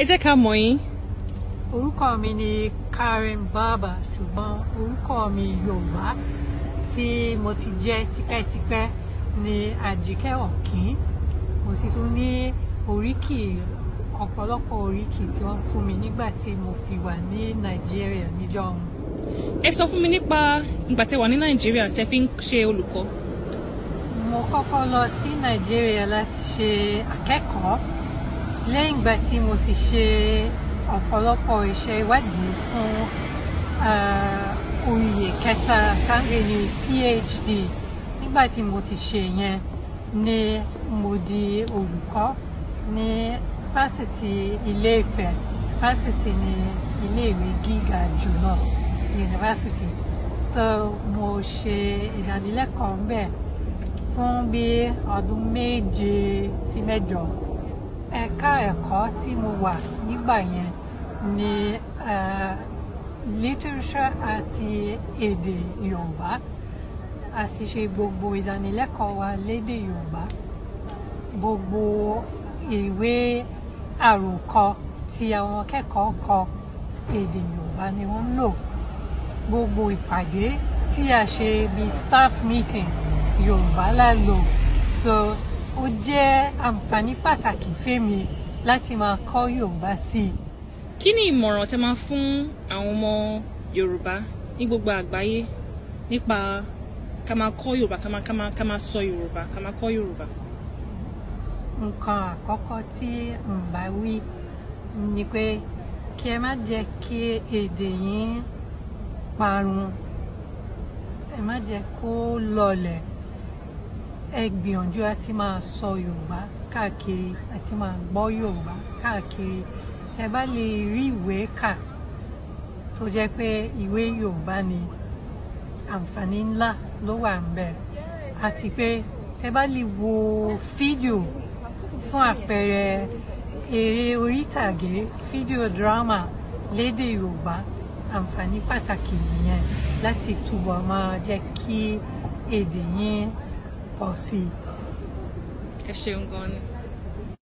ẹ jẹ́ ká mọ̀ yín. orúkọ mi ni Karen Baba ṣùgbọ́n orúkọ mi Yorùbá tí mo ti jẹ́ tipẹ́tipẹ́ ni Àjíkẹ́ Ọ̀kín mo sì tún ní oríkì ọ̀pọ̀lọpọ̀ oríkì tí wọ́n fún mi nígbà tí mo fi wà ní Nàìjíríà níjọ́ ọ̀hún. ẹ sọ fún mi nípa ìgbà tẹ́ wà ní Nàìjíríà tẹ́ fi ń ṣe olùkọ́. mo kọ́kọ́ lọ sí Nàìjíríà láti ṣe akẹ́kọ̀ọ́ lẹ́yìn ìgbà tí mo ti ṣe ọ̀pọ̀lọpọ̀ iṣẹ́ ìwádìí fún eh, oyè kẹta táǹgẹ̀ ní PhD nígbà tí mo ti ṣe yẹn ni mo di olùkọ́ ní fásitì ilé Ifẹ̀ fásitì ní ilé ìwé gíga jùlọ yunifásitì so mo ṣe ìdánilẹ́kọ̀ọ́ ń bẹ̀ fún bí ọdún méje sí mẹ́jọ ẹ̀ka ẹ̀kọ́ tí mo wà nígbà yẹn ni literature àti èdè Yorùbá a sì ṣe gbogbo ìdánilẹ́kọ̀ọ́ wa lédè Yorùbá gbogbo ìwé àròkọ tí àwọn akẹ́kọ̀ọ́ kọ èdè Yorùbá ni wọ́n ń lò gbogbo ìpàdé tí a ṣe bí staff meeting Yorùbá la lò so ó jẹ́ àǹfààní pàtàkì fẹ́mi láti máa kọ́ yorùbá sí i. kí ni ìmọ̀ràn tẹ máa fún àwọn ọmọ yorùbá ní gbogbo àgbáyé nípa ká máa kọ́ yorùbá ká máa ká máa ká máa sọ yorùbá ká máa kọ́ yorùbá. nǹkan àkọ́kọ́ tí n bá wí ni pé kí ẹ má jẹ́ kí èdè yín parun ẹ má jẹ́ kó lọlẹ̀. ẹ gbìyànjú àti máa sọ yorùbá káàkiri àti máa gbọ́ yorùbá káàkiri ẹ bá lè rí ìwé kà tó jẹ́ pé ìwé yorùbá ni àǹfààní ńlá ló wà ń bẹ̀ àti pé ẹ bá lè wo fídíò fún àpẹẹrẹ eré orítàgé fídíò dírámà lédè yorùbá àǹfààní pàtàkì nìyẹn láti túbọ̀ máa jẹ́ kí èdè yín Or see. Is she gone?